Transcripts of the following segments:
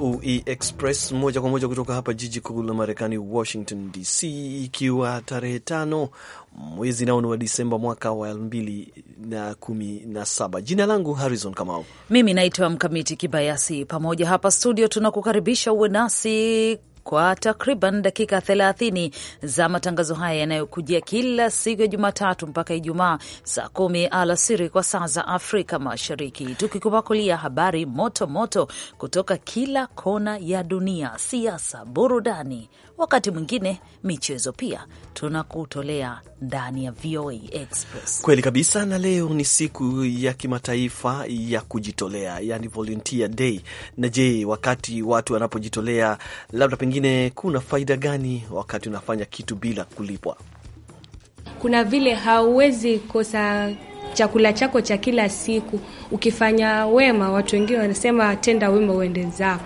VOA Express moja kwa moja kutoka hapa jiji kuu la Marekani, Washington DC, ikiwa tarehe tano mwezi nao ni wa Disemba mwaka wa elfu mbili na kumi na saba. Jina langu Harrison Kamau, mimi naitwa Mkamiti Kibayasi. Pamoja hapa studio tunakukaribisha uwe nasi kwa takriban dakika 30 za matangazo haya yanayokujia kila siku ya Jumatatu mpaka Ijumaa saa kumi alasiri kwa saa za Afrika Mashariki, tukikupakulia habari moto moto kutoka kila kona ya dunia, siasa, burudani wakati mwingine michezo pia tunakutolea ndani ya VOA Express. Kweli kabisa, na leo ni siku ya kimataifa ya kujitolea, yani volunteer day. Na je, wakati watu wanapojitolea, labda pengine kuna faida gani wakati unafanya kitu bila kulipwa? Kuna vile hauwezi kosa chakula chako cha kila siku. Ukifanya wema, watu wengine wanasema tenda wema uende zao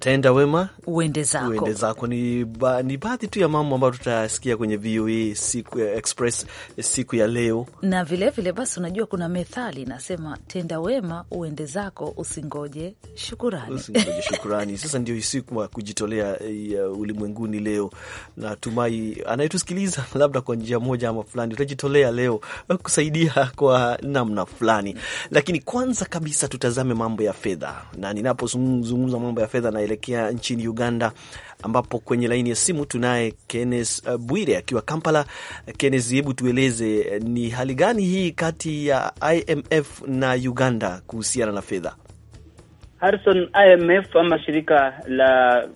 tenda wema uende zako, uende zako. Ni, ba, ni baadhi tu ya mambo ambayo tutayasikia kwenye VOA siku ya eh, Express eh, siku ya leo, na vilevile vile, basi, unajua kuna methali inasema tenda wema uende zako, usingoje shukurani, usingoje shukurani. Sasa ndio siku ya kujitolea eh, ya ulimwenguni leo. Natumai anayetusikiliza labda kwa njia moja ama fulani utajitolea leo kusaidia kwa namna fulani, lakini kwanza kabisa tutazame mambo ya fedha, na ninapozungumza mambo ya fedha na tunaelekea nchini Uganda, ambapo kwenye laini ya simu tunaye Kenneth eh, Bwire akiwa Kampala. Kenneth, hebu tueleze eh, ni hali gani hii kati ya IMF na Uganda kuhusiana na fedha? Harrison, IMF ama shirika la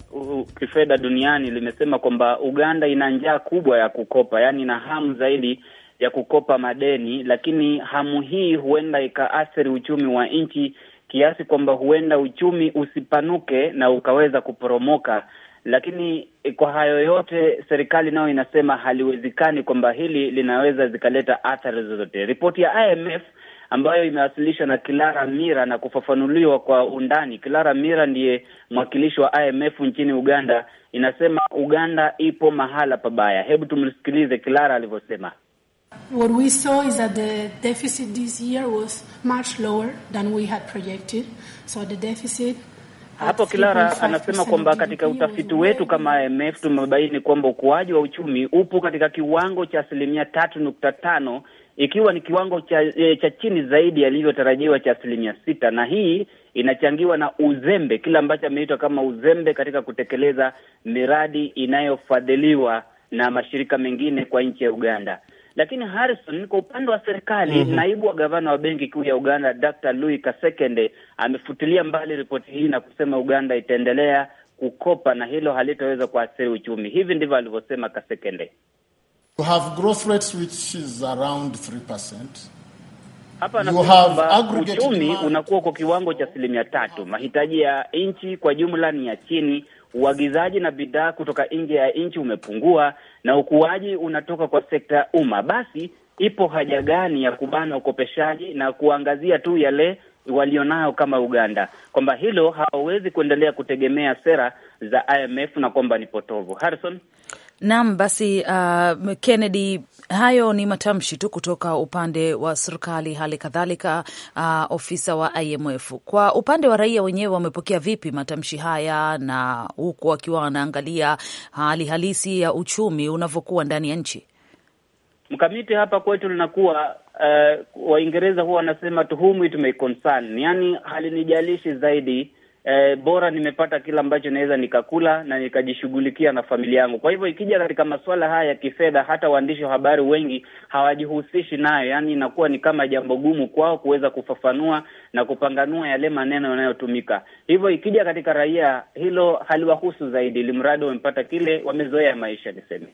kifedha duniani limesema kwamba Uganda ina njaa kubwa ya kukopa, yaani ina hamu zaidi ya kukopa madeni, lakini hamu hii huenda ikaathiri uchumi wa nchi kiasi kwamba huenda uchumi usipanuke na ukaweza kuporomoka. Lakini eh, kwa hayo yote, serikali nayo inasema haliwezekani kwamba hili linaweza zikaleta athari zozote. Ripoti ya IMF ambayo imewasilishwa na Kilara Mira na kufafanuliwa kwa undani. Kilara Mira ndiye mwakilishi wa IMF nchini Uganda, inasema Uganda ipo mahala pabaya. Hebu tumsikilize Kilara alivyosema. What we saw is that the deficit this year was much lower than we had projected. So the deficit hapo Kilara anasema kwamba katika utafiti wetu kama IMF tumebaini kwamba ukuaji wa uchumi upo katika kiwango cha asilimia tatu nukta tano ikiwa ni kiwango cha, e, cha chini zaidi yalivyotarajiwa cha asilimia sita na hii inachangiwa na uzembe, kile ambacho ameitwa kama uzembe katika kutekeleza miradi inayofadhiliwa na mashirika mengine kwa nchi ya Uganda. Lakini Harrison, kwa upande wa serikali mm -hmm. naibu wa gavana wa benki kuu ya Uganda Dr. Louis Kasekende amefutilia mbali ripoti hii na kusema Uganda itaendelea kukopa na hilo halitaweza kuathiri uchumi. Hivi ndivyo alivyosema Kasekende. You have growth rates which is around 3%. Hapa anasema uchumi unakuwa kwa kiwango cha asilimia tatu. Mahitaji ya nchi kwa jumla ni ya chini. Uagizaji na bidhaa kutoka nje ya nchi umepungua, na ukuaji unatoka kwa sekta ya umma, basi ipo haja gani ya kubana ukopeshaji na kuangazia tu yale walionayo kama Uganda, kwamba hilo hawawezi kuendelea kutegemea sera za IMF na kwamba ni potovu. Harrison Naam, basi uh, Kennedy, hayo ni matamshi tu kutoka upande wa serikali, hali kadhalika uh, ofisa wa IMF. Kwa upande wa raia wenyewe, wamepokea vipi matamshi haya, na huku wakiwa wanaangalia hali halisi ya uchumi unavyokuwa ndani ya nchi? Mkamiti, hapa kwetu linakuwa uh, Waingereza huwa wanasema to whom it may concern, yaani, halinijalishi zaidi eh, bora nimepata kile ambacho naweza nikakula na nikajishughulikia na familia yangu. Kwa hivyo ikija katika masuala haya ya kifedha, hata waandishi wa habari wengi hawajihusishi nayo, yaani inakuwa ni kama jambo gumu kwao kuweza kufafanua na kupanganua yale maneno yanayotumika. Hivyo ikija katika raia, hilo haliwahusu zaidi, limradi wamepata kile wamezoea maisha, niseme.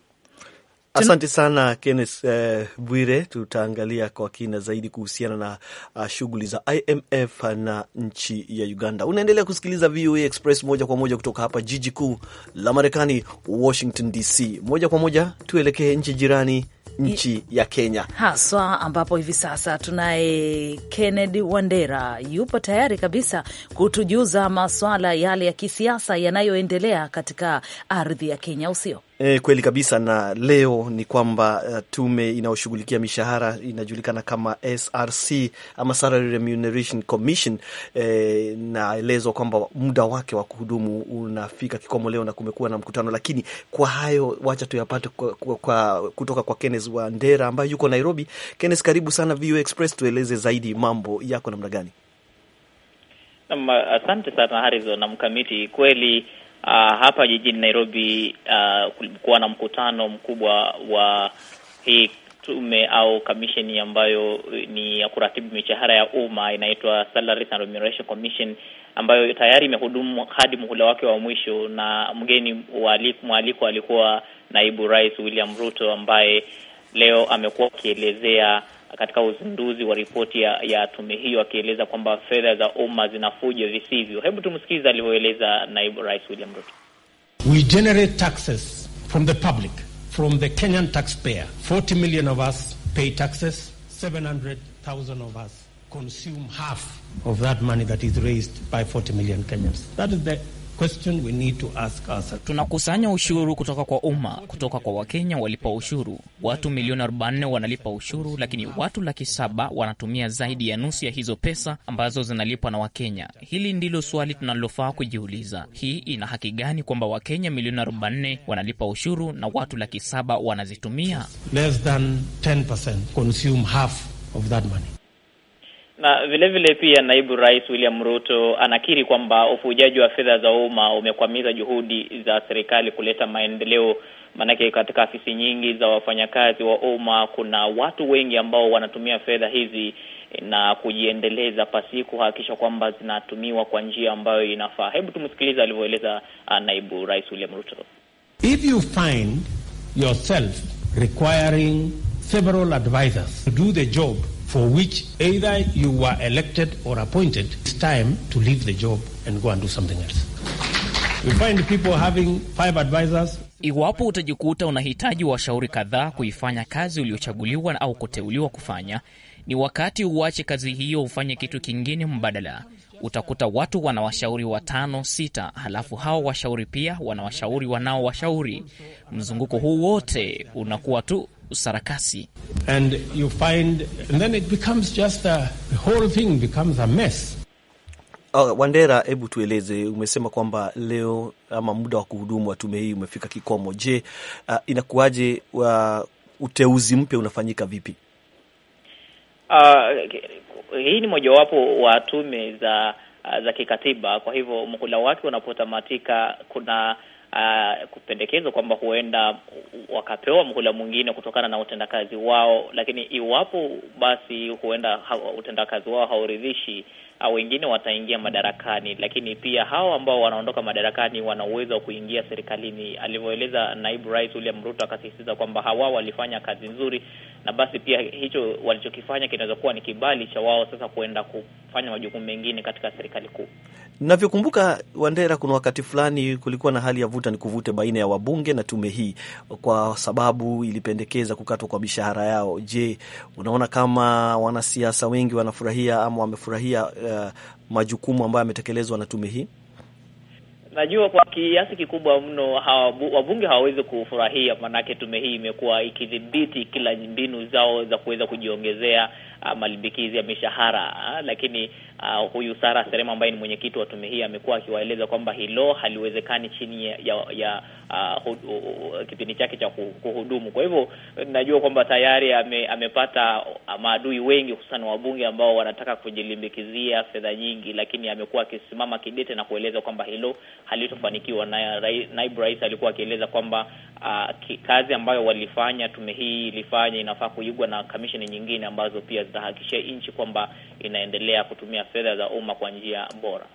Asante sana kennes eh, Bwire. Tutaangalia kwa kina zaidi kuhusiana na uh, shughuli za IMF na nchi ya Uganda. Unaendelea kusikiliza VOA Express moja kwa moja kutoka hapa jiji kuu la Marekani, Washington DC. Moja kwa moja tuelekee nchi jirani nchi ya Kenya haswa, ambapo hivi sasa tunaye Kennedy Wandera, yupo tayari kabisa kutujuza maswala yale ya kisiasa yanayoendelea katika ardhi ya Kenya, usio E, kweli kabisa. Na leo ni kwamba uh, tume inayoshughulikia mishahara inajulikana kama SRC ama Salary Remuneration Commission e, eh, naelezwa kwamba muda wake wa kuhudumu unafika kikomo leo na kumekuwa na mkutano, lakini kwa hayo wacha tuyapate kwa, kwa, kwa, kutoka kwa Kenneth Wandera ambaye yuko Nairobi. Kenneth, karibu sana VOA Express, tueleze zaidi mambo yako namna gani? Asante sana Harrison na mkamiti kweli uh, hapa jijini Nairobi uh, ah, kulikuwa na mkutano mkubwa wa hii tume au kamisheni ambayo eh, ni ya kuratibu mishahara ya umma inaitwa Salaries and Remuneration Commission ambayo tayari imehudumu hadi muhula wake wa mwisho, na mgeni mwaliko alikuwa naibu rais William Ruto ambaye leo amekuwa akielezea katika uzinduzi wa ripoti ya, ya tume hiyo akieleza kwamba fedha za umma zinafuja visivyo. Hebu tumsikilize alivyoeleza naibu rais William Ruto. We generate taxes from the public, from the Kenyan taxpayer. 40 million of us pay taxes, 700,000 of us consume half of that money that is raised by 40 million Kenyans. That is the Tunakusanya ushuru kutoka kwa umma, kutoka kwa Wakenya walipa ushuru. Watu milioni 44 wanalipa ushuru, lakini watu laki saba wanatumia zaidi ya nusu ya hizo pesa ambazo zinalipwa na Wakenya. Hili ndilo swali tunalofaa kujiuliza. Hii ina haki gani kwamba Wakenya milioni 4 wanalipa ushuru na watu laki saba wanazitumia? Less than 10% consume half of that money. Na vile vile pia naibu rais William Ruto anakiri kwamba ufujaji wa fedha za umma umekwamiza juhudi za serikali kuleta maendeleo. Maanake katika afisi nyingi za wafanyakazi wa umma kuna watu wengi ambao wanatumia fedha hizi eh, na kujiendeleza pasi kuhakikisha kwamba zinatumiwa kwa njia ambayo inafaa. Hebu tumsikilize alivyoeleza ah, naibu rais William Ruto. If you find yourself requiring several advisors to do the job for which either you were elected or appointed, it's time to leave the job and go and do something else. We find people having five advisors. Iwapo utajikuta unahitaji washauri kadhaa kuifanya kazi uliochaguliwa au kuteuliwa kufanya, ni wakati uache kazi hiyo ufanye kitu kingine mbadala. Utakuta watu wana washauri watano sita, halafu hao washauri pia wana washauri wanao washauri. Mzunguko huu wote unakuwa tu usarakasi Uh, Wandera, hebu tueleze, umesema kwamba leo ama muda wa kuhudumu wa tume hii umefika kikomo. Je, uh, inakuwaje uh, uteuzi mpya unafanyika vipi? Uh, hii ni mojawapo wa tume za za kikatiba. Kwa hivyo muhula wake unapotamatika, kuna uh, kupendekezwa kwamba huenda wakapewa mhula mwingine kutokana na utendakazi wao, lakini iwapo basi huenda ha utendakazi wao hauridhishi uh, wengine wataingia madarakani, lakini pia hao ambao wanaondoka madarakani wana uwezo wa kuingia serikalini, alivyoeleza naibu rais William Ruto, akasisitiza kwamba hawa walifanya kazi nzuri na basi pia hicho walichokifanya kinaweza kuwa ni kibali cha wao sasa kuenda kufanya majukumu mengine katika serikali kuu. Navyokumbuka Wandera, kuna wakati fulani kulikuwa na hali ya vuta ni kuvute baina ya wabunge na tume hii, kwa sababu ilipendekeza kukatwa kwa mishahara yao. Je, unaona kama wanasiasa wengi wanafurahia ama wamefurahia uh, majukumu ambayo yametekelezwa na tume hii? Najua kwa kiasi kikubwa mno hawa, wabunge hawawezi kufurahia, maanake tume hii imekuwa ikidhibiti kila mbinu zao za kuweza kujiongezea uh, malimbikizi ya mishahara uh, lakini uh, huyu Sara Serema ambaye ni mwenyekiti wa tume hii amekuwa akiwaeleza kwamba hilo haliwezekani chini ya, ya, ya uh, uh, kipindi chake cha kuhudumu. Kwa hivyo najua kwamba tayari ame, amepata uh, maadui wengi, hususan wabunge ambao wanataka kujilimbikizia fedha nyingi, lakini amekuwa akisimama kidete na kueleza kwamba hilo halitofanikiwa, na naibu rais alikuwa akieleza kwamba uh, kazi ambayo walifanya tume hii ilifanya inafaa kuigwa na kamisheni nyingine ambazo pia itahakikishia nchi kwamba inaendelea kutumia fedha za umma kwa njia bora.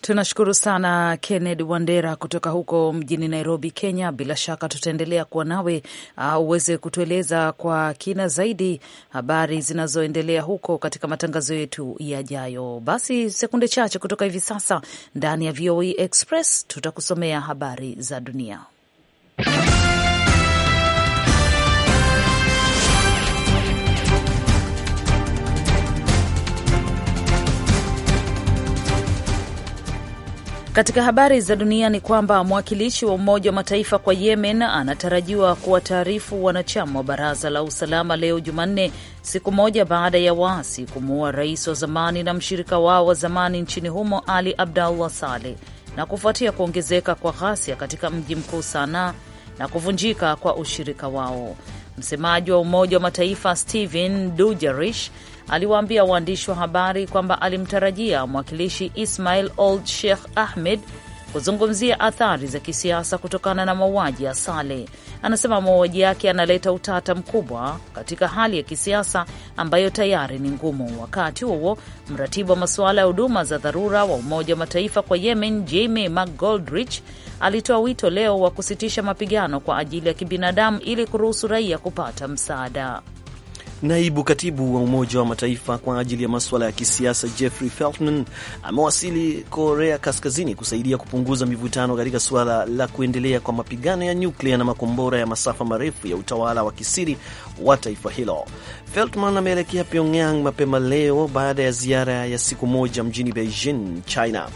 Tunashukuru sana kenned Wandera kutoka huko mjini Nairobi, Kenya. Bila shaka tutaendelea kuwa nawe uh, uweze kutueleza kwa kina zaidi habari zinazoendelea huko katika matangazo yetu yajayo. Basi sekunde chache kutoka hivi sasa, ndani ya VOA e Express tutakusomea habari za dunia. Katika habari za dunia ni kwamba mwakilishi wa Umoja wa Mataifa kwa Yemen anatarajiwa kuwataarifu wanachama wa Baraza la Usalama leo Jumanne, siku moja baada ya waasi kumuua rais wa zamani na mshirika wao wa zamani nchini humo Ali Abdallah Saleh, na kufuatia kuongezeka kwa ghasia katika mji mkuu Sanaa na kuvunjika kwa ushirika wao. Msemaji wa Umoja wa Mataifa stephen Dujarish aliwaambia waandishi wa habari kwamba alimtarajia mwakilishi Ismail Old Sheikh Ahmed kuzungumzia athari za kisiasa kutokana na mauaji ya Sale. Anasema mauaji yake analeta utata mkubwa katika hali ya kisiasa ambayo tayari ni ngumu. Wakati huo mratibu wa masuala ya huduma za dharura wa Umoja wa Mataifa kwa Yemen, Jamie McGoldrich alitoa wito leo wa kusitisha mapigano kwa ajili ya kibinadamu ili kuruhusu raia kupata msaada. Naibu katibu wa Umoja wa Mataifa kwa ajili ya masuala ya kisiasa Jeffrey Feltman amewasili Korea Kaskazini kusaidia kupunguza mivutano katika suala la kuendelea kwa mapigano ya nyuklia na makombora ya masafa marefu ya utawala wa kisiri wa taifa hilo. Feltman ameelekea Pyongyang mapema leo baada ya ziara ya siku moja mjini Beijing, China.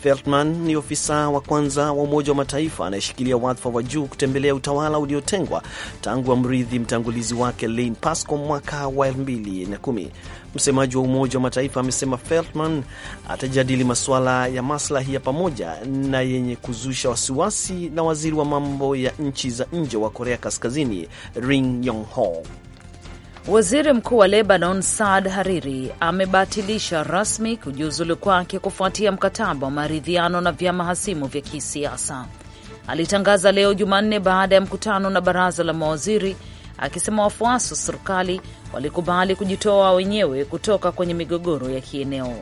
Feltman ni ofisa wa kwanza wa Umoja wa Mataifa anayeshikilia wadhifa wa juu kutembelea utawala uliotengwa tangu amrithi mtangulizi wake Pasco mwaka mwaka wa 2010. Msemaji wa Umoja wa Mataifa amesema Feltman atajadili masuala ya maslahi ya pamoja na yenye kuzusha wasiwasi na waziri wa mambo ya nchi za nje wa Korea Kaskazini Ring Yong Ho. Waziri mkuu wa Lebanon Saad Hariri amebatilisha rasmi kujiuzulu kwake kufuatia mkataba wa maridhiano na vyama hasimu vya kisiasa. Alitangaza leo Jumanne baada ya mkutano na baraza la mawaziri akisema wafuasi wa serikali walikubali kujitoa wenyewe kutoka kwenye migogoro ya kieneo.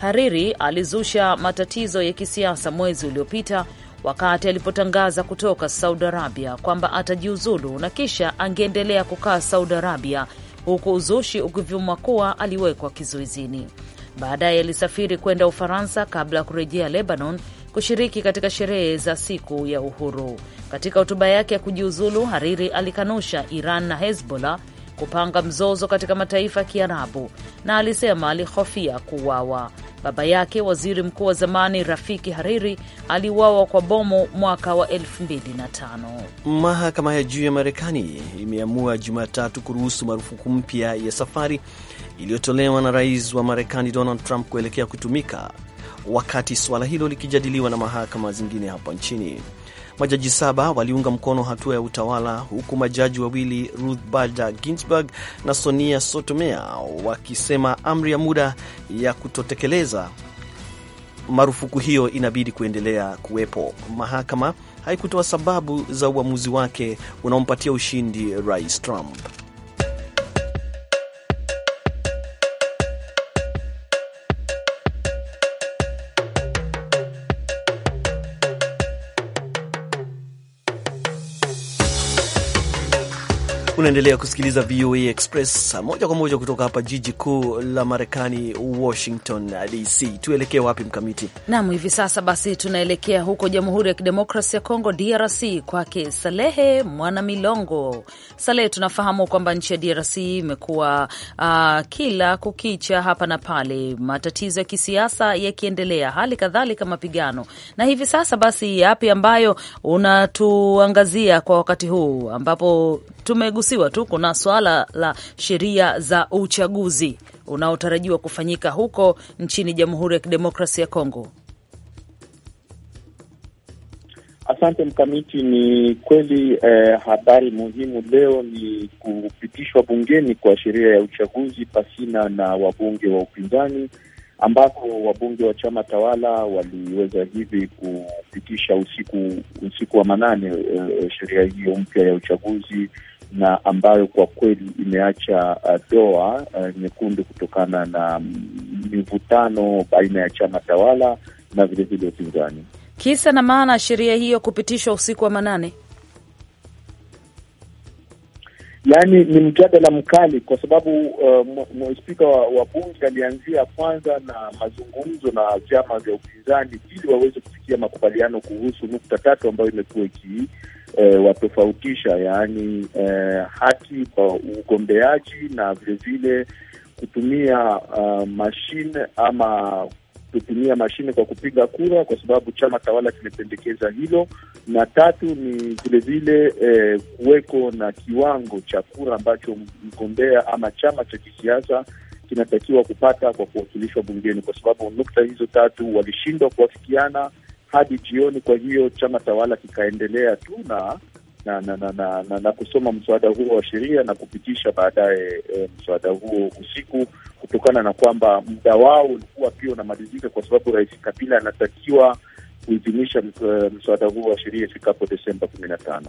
Hariri alizusha matatizo ya kisiasa mwezi uliopita wakati alipotangaza kutoka Saudi Arabia kwamba atajiuzulu na kisha angeendelea kukaa Saudi Arabia, huku uzushi ukivyuma kuwa aliwekwa kizuizini. Baadaye alisafiri kwenda Ufaransa kabla ya kurejea Lebanon kushiriki katika sherehe za siku ya uhuru. Katika hotuba yake ya kujiuzulu, Hariri alikanusha Iran na Hezbollah kupanga mzozo katika mataifa ya Kiarabu na alisema alihofia kuuawa. Baba yake waziri mkuu wa zamani Rafiki Hariri aliuawa kwa bomu mwaka wa 2005. Mahakama ya juu ya Marekani imeamua Jumatatu kuruhusu marufuku mpya ya safari iliyotolewa na rais wa Marekani Donald Trump kuelekea kutumika wakati suala hilo likijadiliwa na mahakama zingine hapa nchini. Majaji saba waliunga mkono hatua ya utawala huku majaji wawili Ruth Bader Ginsburg na Sonia Sotomayor wakisema amri ya muda ya kutotekeleza marufuku hiyo inabidi kuendelea kuwepo. Mahakama haikutoa sababu za uamuzi wake unaompatia ushindi Rais Trump. Unaendelea kusikiliza VOA Express moja kwa moja kutoka hapa jiji kuu la Marekani, Washington DC. Tuelekee wapi, Mkamiti? Nam, hivi sasa basi tunaelekea huko Jamhuri ya Kidemokrasi ya Kongo, DRC, kwake Salehe Mwana Milongo. Salehe, tunafahamu kwamba nchi ya DRC imekuwa uh, kila kukicha hapa na pale, matatizo ya kisiasa yakiendelea, hali kadhalika mapigano. Na hivi sasa basi, yapi ambayo unatuangazia kwa wakati huu ambapo tumegusa kuruhusiwa tu, kuna swala la sheria za uchaguzi unaotarajiwa kufanyika huko nchini Jamhuri ya Kidemokrasia ya Kongo. Asante Mkamiti, ni kweli eh, habari muhimu leo ni kupitishwa bungeni kwa sheria ya uchaguzi pasina na wabunge wa upinzani, ambapo wabunge wa chama tawala waliweza hivi kupitisha usiku usiku wa manane eh, sheria hiyo mpya ya uchaguzi na ambayo kwa kweli imeacha uh, doa uh, nyekundu kutokana na mm, mivutano baina ya chama tawala na vilevile upinzani. Kisa na maana sheria hiyo kupitishwa usiku wa manane, yaani ni mjadala mkali, kwa sababu uh, spika wa, wa bunge alianzia kwanza na mazungumzo na vyama vya upinzani ili waweze kufikia makubaliano kuhusu nukta tatu ambayo imekuwa ikii e, watofautisha yaani e, haki kwa ugombeaji na vilevile kutumia uh, mashine ama kutumia mashine kwa kupiga kura, kwa sababu chama tawala kimependekeza hilo. Na tatu ni vilevile eh, kuweko na kiwango cha kura ambacho mgombea ama chama cha kisiasa kinatakiwa kupata kwa kuwakilishwa bungeni, kwa sababu nukta hizo tatu walishindwa kuwafikiana hadi jioni. Kwa hiyo chama tawala kikaendelea tu na na na, na, na, na na kusoma mswada huo wa sheria na kupitisha baadaye e, mswada huo usiku, kutokana na kwamba muda wao ulikuwa pia unamalizika, kwa sababu Rais Kabila anatakiwa kuidhinisha e, mswada huo wa sheria ifikapo Desemba kumi na tano.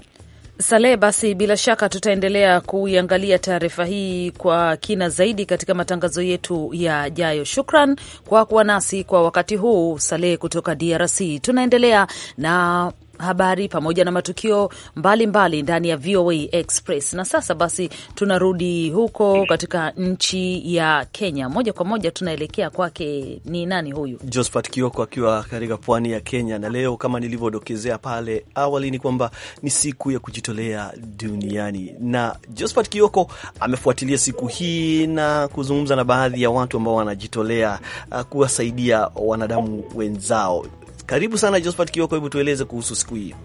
Salehe, basi bila shaka tutaendelea kuiangalia taarifa hii kwa kina zaidi katika matangazo yetu yajayo. Shukran kwa kuwa nasi kwa wakati huu, Salehe kutoka DRC. Tunaendelea na habari pamoja na matukio mbalimbali ndani ya VOA Express. Na sasa basi, tunarudi huko katika nchi ya Kenya moja kwa moja, tunaelekea kwake. Ni nani huyu? Josephat Kioko akiwa katika pwani ya Kenya. Na leo kama nilivyodokezea pale awali, ni kwamba ni siku ya kujitolea duniani, na josphat Kioko amefuatilia siku hii na kuzungumza na baadhi ya watu ambao wanajitolea uh, kuwasaidia wanadamu wenzao. Karibu sana Josephat Kioko, hebu tueleze kuhusu siku hii.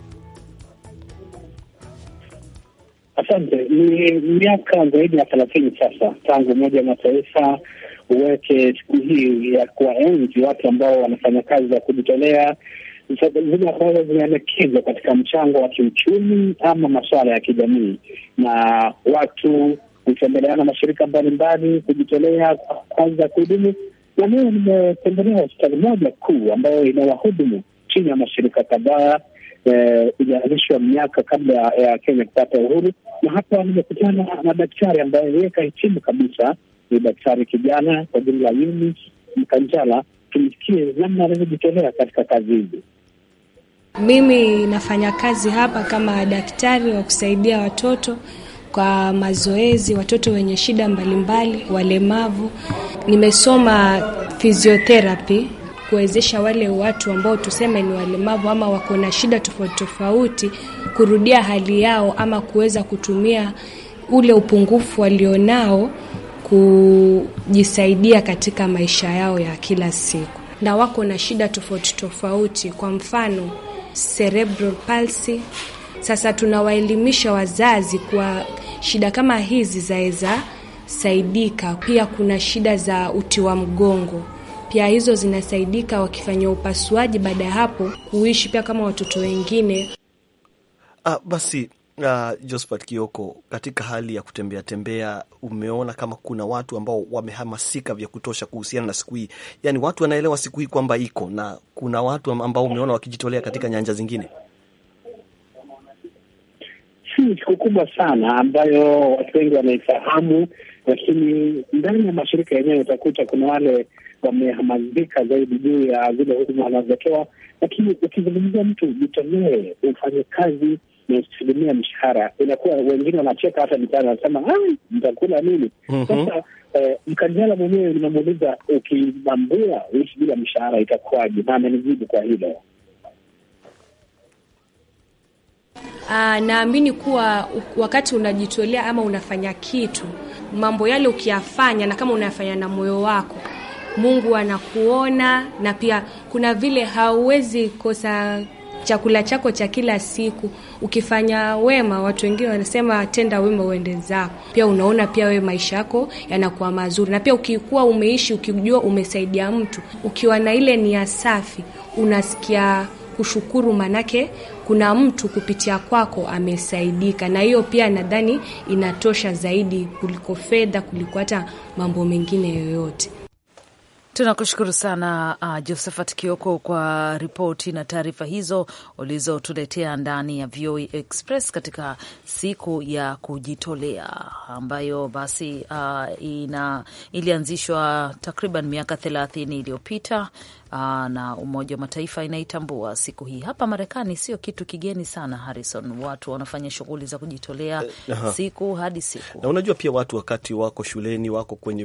Asante. Ni miaka zaidi ya thelathini sasa tangu Umoja wa Mataifa uweke siku hii ya kuwaenzi watu ambao wanafanya kazi za kujitolea zile ambazo zimeelekezwa katika mchango wa kiuchumi ama masuala ya kijamii, na watu hutembeleana mashirika mbalimbali kujitolea kwa kazi za kuhudumu na leo nimetembelea hospitali moja kuu ambayo ina wahudumu chini ya mashirika kadhaa eh, ilianzishwa miaka kabla ya Kenya kupata uhuru, na hapa nimekutana na daktari ambaye yeye kahitimu kabisa, ni daktari kijana kwa jumla Yunis Mkanjala. Tumsikie namna anavyojitolea katika kazi hizi. Mimi nafanya kazi hapa kama daktari wa kusaidia watoto kwa mazoezi, watoto wenye shida mbalimbali, walemavu. Nimesoma physiotherapy kuwezesha wale watu ambao tuseme ni walemavu ama wako na shida tofauti tofauti kurudia hali yao ama kuweza kutumia ule upungufu walionao kujisaidia katika maisha yao ya kila siku. Na wako na shida tofauti tofauti, kwa mfano cerebral palsy. Sasa tunawaelimisha wazazi kwa shida kama hizi zaweza saidika. Pia kuna shida za uti wa mgongo pia hizo zinasaidika wakifanya upasuaji, baada ya hapo kuishi pia kama watoto wengine. Ah, basi ah, Josephat Kioko, katika hali ya kutembea tembea, umeona kama kuna watu ambao wamehamasika vya kutosha kuhusiana na siku hii, yaani watu wanaelewa siku hii kwamba iko, na kuna watu ambao umeona wakijitolea katika nyanja zingine? ni siku kubwa sana ambayo watu wengi wanaifahamu, lakini ndani ya mashirika yenyewe utakuta kuna wale wamehamazika zaidi juu ya zile huduma wanazotoa, lakini ukizungumzia mtu jitolee, ufanye kazi na usilimia mshahara, inakuwa wengine wanacheka hata mtaani, wanasema mtakula nini? Mhm. Sasa mm -hmm. Eh, mkanjala mwenyewe unamuuliza ukibambua uishi bila mshahara itakuwaje? Na amenijibu kwa hilo. Aa, ah, naamini kuwa wakati unajitolea ama unafanya kitu, mambo yale ukiyafanya, na kama unayafanya na moyo wako, Mungu anakuona, na pia kuna vile hauwezi kosa chakula chako cha kila siku. Ukifanya wema, watu wengine wanasema tenda wema uende zako. Pia unaona pia wewe maisha yako yanakuwa mazuri, na pia ukikuwa umeishi ukijua umesaidia mtu, ukiwa na ile nia safi, unasikia kushukuru, manake kuna mtu kupitia kwako amesaidika, na hiyo pia nadhani inatosha zaidi kuliko fedha, kuliko hata mambo mengine yoyote. Tunakushukuru sana uh, Josephat Kioko kwa ripoti na taarifa hizo ulizotuletea ndani ya VOA e Express katika siku ya kujitolea ambayo basi uh, ina, ilianzishwa takriban miaka thelathini iliyopita aa, ah, na Umoja wa Mataifa inaitambua siku hii. Hapa Marekani sio kitu kigeni sana, Harrison, watu wanafanya shughuli za kujitolea eh, siku hadi siku. Na unajua pia watu wakati wako shuleni, wako kwenye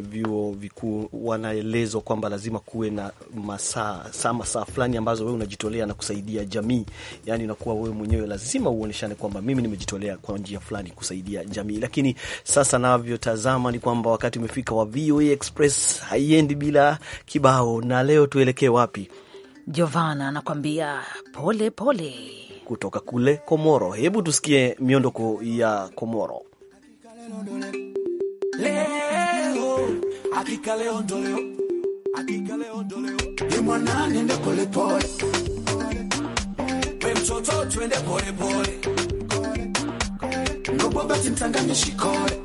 vyuo vikuu, wanaelezwa kwamba lazima kuwe na masaa saa masaa fulani ambazo wewe unajitolea na kusaidia jamii, yani unakuwa wewe mwenyewe lazima uoneshane kwamba mimi nimejitolea kwa njia fulani kusaidia jamii. Lakini sasa navyotazama ni kwamba wakati umefika wa VOA Express, haiendi bila kibao na leo tuelekee wapi? Jovana anakwambia pole pole kutoka kule Komoro. Hebu tusikie miondoko ya Komoro. Mtoto twende pole pole, mtanganye shikore,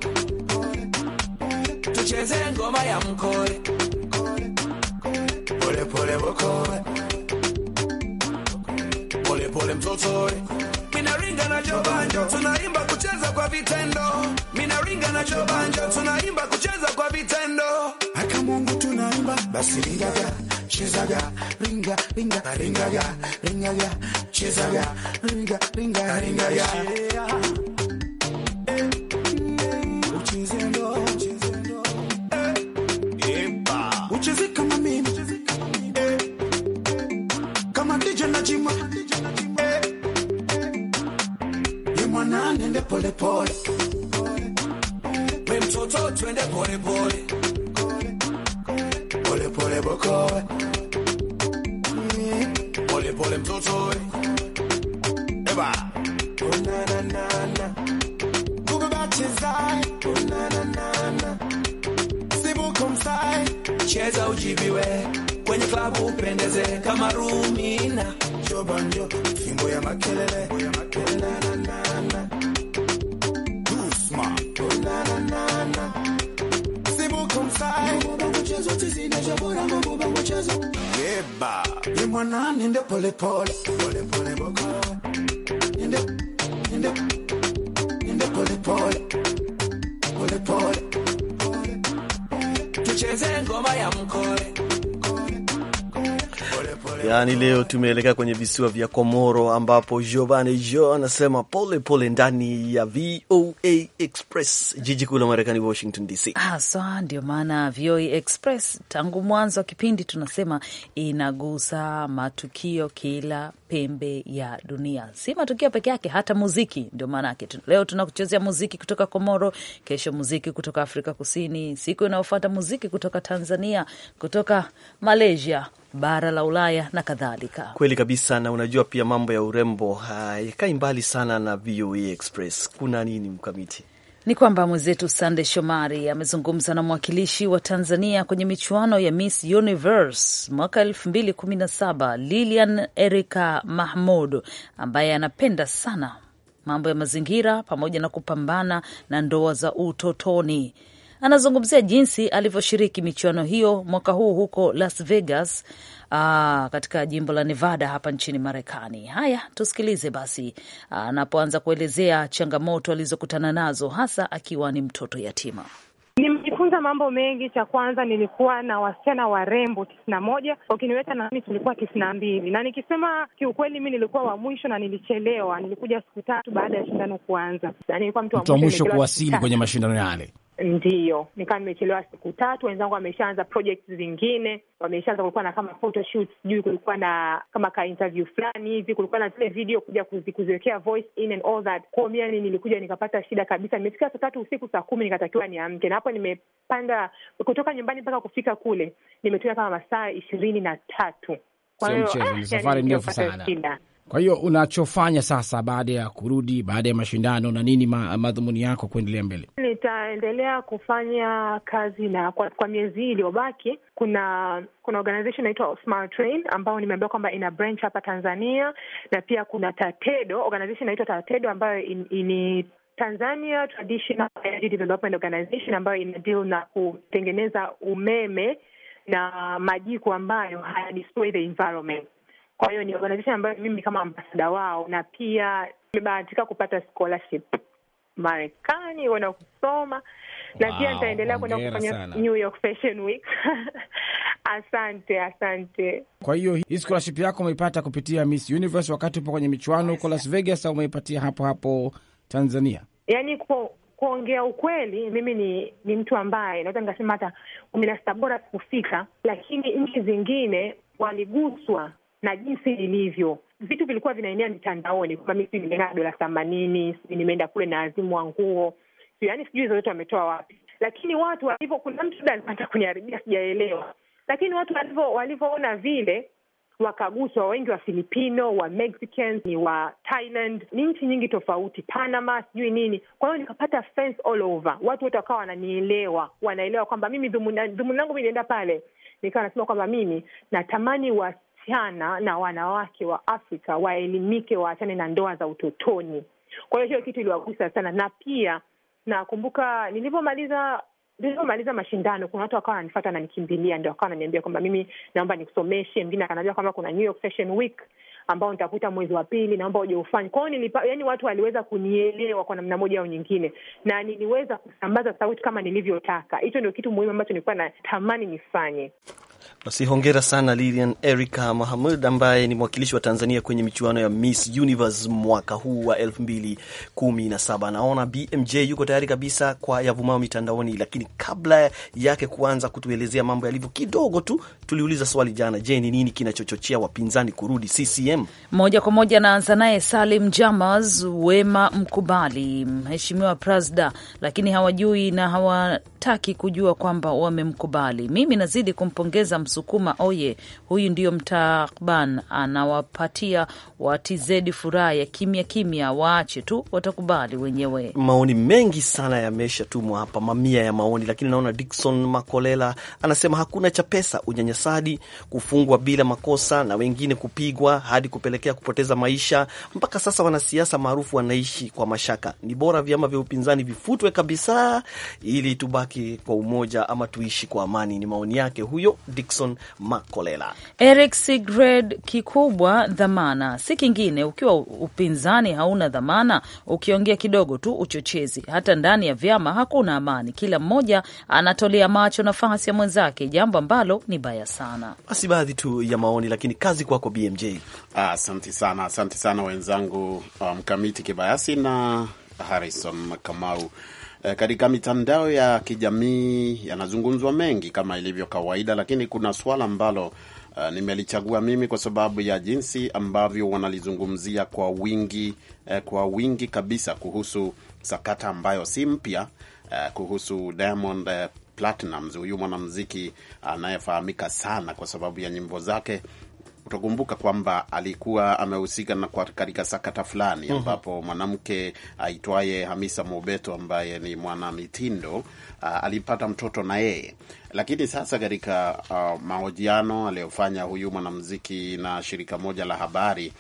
tucheze ngoma ya mkore polepole bokoe, polepole mtotoe, minaringa na jobanjo, tunaimba kucheza kwa vitendo, minaringa na jobanjo, tunaimba kucheza kwa vitendo, haka Mungu tunaimba basi ringaga chezaga ringa ringa ringaga ringaga chezaga ringa ringa ringaga pole pole, we mtoto twende pole pole pole pole bokowe pole pole mtoto eba cheza ujibiwe kwenye klabu upendeze kama rumina chobanjo fimbo ya makelele Mwana ninde pole pole pole pole boko ninde ninde ninde pole pole pole pole tucheze ngoma ya mkole Yaani leo tumeelekea kwenye visiwa vya Komoro ambapo Giovanni Jo anasema pole pole ndani ya VOA Express, jiji kuu la Marekani, Washington DC haswa. So, ndio maana VOA Express tangu mwanzo wa kipindi tunasema inagusa matukio kila pembe ya dunia, si matukio peke yake, hata muziki. Ndio maana yake leo tunakuchezea muziki kutoka Komoro, kesho muziki kutoka Afrika Kusini, siku inayofuata muziki kutoka Tanzania, kutoka Malaysia bara la Ulaya na kadhalika. Kweli kabisa, na unajua pia mambo ya urembo hayakai mbali sana na VOA e Express. Kuna nini mkamiti? Ni kwamba mwenzetu Sande Shomari amezungumza na mwakilishi wa Tanzania kwenye michuano ya Miss Universe mwaka 2017 Lilian Erika Mahmud, ambaye anapenda sana mambo ya mazingira pamoja na kupambana na ndoa za utotoni anazungumzia jinsi alivyoshiriki michuano hiyo mwaka huu huko Las Vegas, aa, ah, katika jimbo la Nevada hapa nchini Marekani. Haya, tusikilize basi ah, anapoanza kuelezea changamoto alizokutana nazo, hasa akiwa ni mtoto yatima. Nimejifunza mambo mengi. Cha kwanza nilikuwa na wasichana warembo tisini na moja ukiniweka na mimi tulikuwa tisini na mbili na nikisema kiukweli, mi nilikuwa wa mwisho na nilichelewa. Nilikuja siku tatu baada ya shindano kuanza, na nilikuwa mtu wa mwisho kuwasili kwenye mashindano yale. Ndiyo, nikawa nimechelewa siku tatu. Wenzangu wameshaanza projects zingine, wameshaanza. Kulikuwa na kama photoshoot, sijui kulikuwa na kama ka interview fulani hivi, kulikuwa na zile video kuja kuziwekea voice in and all that. Kwao yani nilikuja nikapata shida kabisa. Nimefika saa tatu usiku, saa kumi nikatakiwa niamke, na hapo nimepanda kutoka nyumbani mpaka kufika kule nimetumia kama masaa ishirini na tatu. Kwa hiyo ah, safari ndefu sana. Kwa hiyo unachofanya sasa baada ya kurudi baada ya mashindano na nini ma, madhumuni yako kuendelea mbele? Nitaendelea kufanya kazi na kwa, kwa miezi hii iliyobaki kuna kuna organization inaitwa Smart Train ambayo nimeambiwa kwamba ina branch hapa Tanzania na pia kuna Tatedo organization inaitwa Tatedo ambayo ni ini Tanzania Traditional Energy Development Organization ambayo ina deal na kutengeneza umeme na majiko ambayo haya destroy the environment kwa hiyo ni organization ambayo mimi kama ambasada wao, na pia nimebahatika kupata scholarship Marekani kwenda kusoma na wow, pia nitaendelea kwenda kufanya New York Fashion Week. Asante, asante. Kwa hiyo hii scholarship yako umeipata kupitia Miss Universe wakati upo kwenye michuano huko Las Vegas, au umeipatia hapo hapo Tanzania? Yaani kwa kuongea ukweli, mimi ni ni mtu ambaye naweza nikasema hata kumi na sita bora kufika, lakini nchi zingine waliguswa na jinsi ilivyo vitu vilikuwa vinaenea mitandaoni kwamba mi si nimeenda dola themanini, sijui nimeenda kule na azimu wa nguo, yaani sijui hizo zote wametoa wapi. Lakini watu walivyo, kuna mtu hata kuniharibia, sijaelewa. Lakini watu walivyoona vile wakaguswa, wengi wa Filipino, wa Mexicans, ni wa Thailand, ni nchi nyingi tofauti, Panama, sijui nini. Kwa hiyo nikapata fence all over, watu wote wakawa wananielewa, wanaelewa kwamba mimi dhumuni langu mi nienda pale, nikawa nasema kwamba mimi natamani wa wasichana na wanawake wa Afrika waelimike, waachane na ndoa za utotoni. Kwa hiyo hiyo kitu iliwagusa sana, na pia nakumbuka nilivyomaliza nilivyomaliza mashindano, kuna watu wakawa wananifata na ndio wakawa wananiambia kwamba mimi naomba nikusomeshe. Mwingine akaniambia kwamba kuna New York Fashion Week ambao nitakuta mwezi wa pili, naomba uje ufanye. Kwa hiyo nilipa, yani watu waliweza kunielewa kwa namna moja au nyingine, na niliweza kusambaza sauti kama nilivyotaka. Hicho ndio kitu muhimu ambacho nilikuwa natamani nifanye. Basi hongera sana Lilian Erica Mahamud ambaye ni mwakilishi wa Tanzania kwenye michuano ya Miss Universe mwaka huu wa 2017. Naona BMJ yuko tayari kabisa kwa yavumao mitandaoni, lakini kabla yake kuanza kutuelezea mambo yalivyo kidogo tu, tuliuliza swali jana. Je, ni nini kinachochochea wapinzani kurudi CCM? Moja kwa moja naanza naye Salim Jamas Wema Mkubali, mheshimiwa Prasda, lakini hawajui na hawataki kujua kwamba wamemkubali. Mimi nazidi kumpongeza Mwanza Msukuma oye, huyu ndio mtaban anawapatia watizedi furaha ya kimya kimya, waache tu watakubali wenyewe. Maoni mengi sana yameshatumwa hapa, mamia ya maoni, lakini naona Dikson Makolela anasema hakuna cha pesa, unyanyasadi, kufungwa bila makosa na wengine kupigwa hadi kupelekea kupoteza maisha. Mpaka sasa wanasiasa maarufu wanaishi kwa mashaka. Ni bora vyama vya upinzani vifutwe kabisa, ili tubaki kwa umoja ama tuishi kwa amani. Ni maoni yake huyo Dickson Makolela. Eric Sigred, kikubwa dhamana si kingine. Ukiwa upinzani hauna dhamana, ukiongea kidogo tu uchochezi, hata ndani ya vyama hakuna amani. Kila mmoja anatolea macho nafasi ya mwenzake, jambo ambalo ni baya sana. Basi baadhi tu ya maoni, lakini kazi kwako BMJ. Asante ah, sana, asante sana wenzangu uh, mkamiti um, kibayasi na Harrison Kamau. E, katika mitandao ya kijamii yanazungumzwa mengi kama ilivyo kawaida, lakini kuna swala ambalo Uh, nimelichagua mimi kwa sababu ya jinsi ambavyo wanalizungumzia kwa wingi eh, kwa wingi kabisa kuhusu sakata ambayo si mpya eh, kuhusu Diamond eh, Platnumz, huyu mwanamuziki anayefahamika sana kwa sababu ya nyimbo zake utakumbuka kwamba alikuwa amehusika na katika sakata fulani mhm. ambapo mm -hmm. mwanamke aitwaye Hamisa Mobeto ambaye ni mwanamitindo uh, alipata mtoto na yeye lakini sasa katika uh, mahojiano aliyofanya huyu mwanamuziki na shirika moja la habari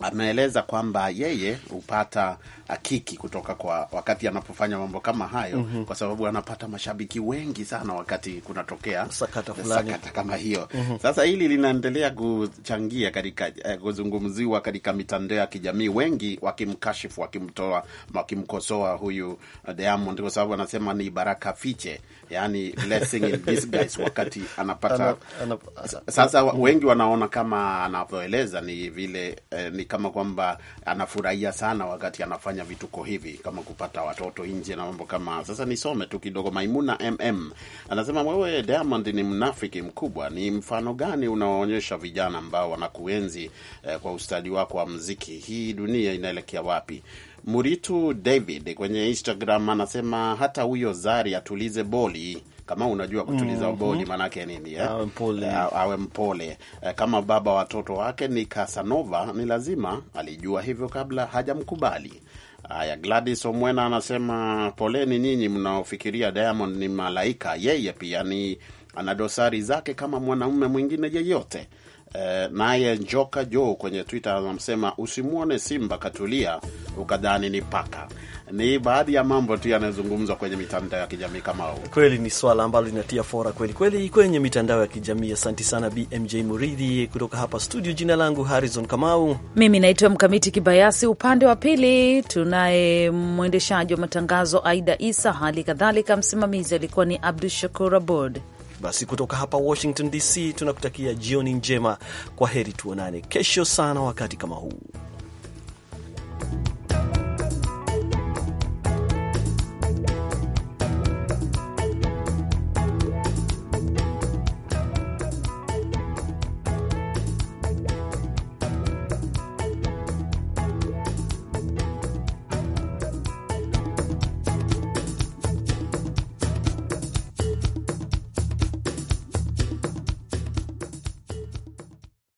ameeleza kwamba yeye hupata akiki kutoka kwa wakati anapofanya mambo kama hayo mm -hmm. kwa sababu anapata mashabiki wengi sana wakati kunatokea sakata sakata kama hiyo mm -hmm. Sasa hili linaendelea kuchangia katika eh, kuzungumziwa katika mitandao ya kijamii, wengi wakimkashifu, wakimtoa, wakimkosoa huyu eh, Diamond kwa sababu anasema ni baraka fiche, yani blessing in disguise wakati anapata anap, anap, sasa mhm. wengi wanaona kama anavyoeleza ni vile eh, ni kama kwamba anafurahia sana wakati anafanya kufanya vituko hivi kama kupata watoto nje na mambo kama. Sasa nisome tu kidogo. Maimuna mm anasema, wewe Diamond ni mnafiki mkubwa. Ni mfano gani unaoonyesha vijana ambao wanakuenzi eh, kwa ustadi wako wa mziki? Hii dunia inaelekea wapi? Muritu David kwenye Instagram anasema hata huyo Zari atulize boli kama unajua kutuliza mm -hmm. boli maanake nini eh? Awe mpole, awe mpole. Eh, kama baba watoto wake ni Casanova, ni lazima alijua hivyo kabla hajamkubali. Haya, Gladys Omwena anasema poleni nyinyi mnaofikiria Diamond ni malaika. Yeye pia ni ana dosari zake kama mwanaume mwingine yeyote. E, naye Njoka Jo kwenye Twitter anamsema usimwone simba katulia, ukadhani ni paka. Ni baadhi ya mambo tu yanayozungumzwa kwenye mitandao ya kijamii kama huu. Kweli ni swala ambalo linatia fora kweli kweli kwenye mitandao ya kijamii. asanti sana BMJ Muridhi kutoka hapa studio. Jina langu Harrison Kamau, mimi naitwa Mkamiti Kibayasi. Upande wa pili tunaye mwendeshaji wa matangazo Aida Isa, hali kadhalika msimamizi alikuwa ni Abdu Shakur Abord. Basi kutoka hapa Washington DC tunakutakia jioni njema. Kwa heri, tuonane kesho sana wakati kama huu.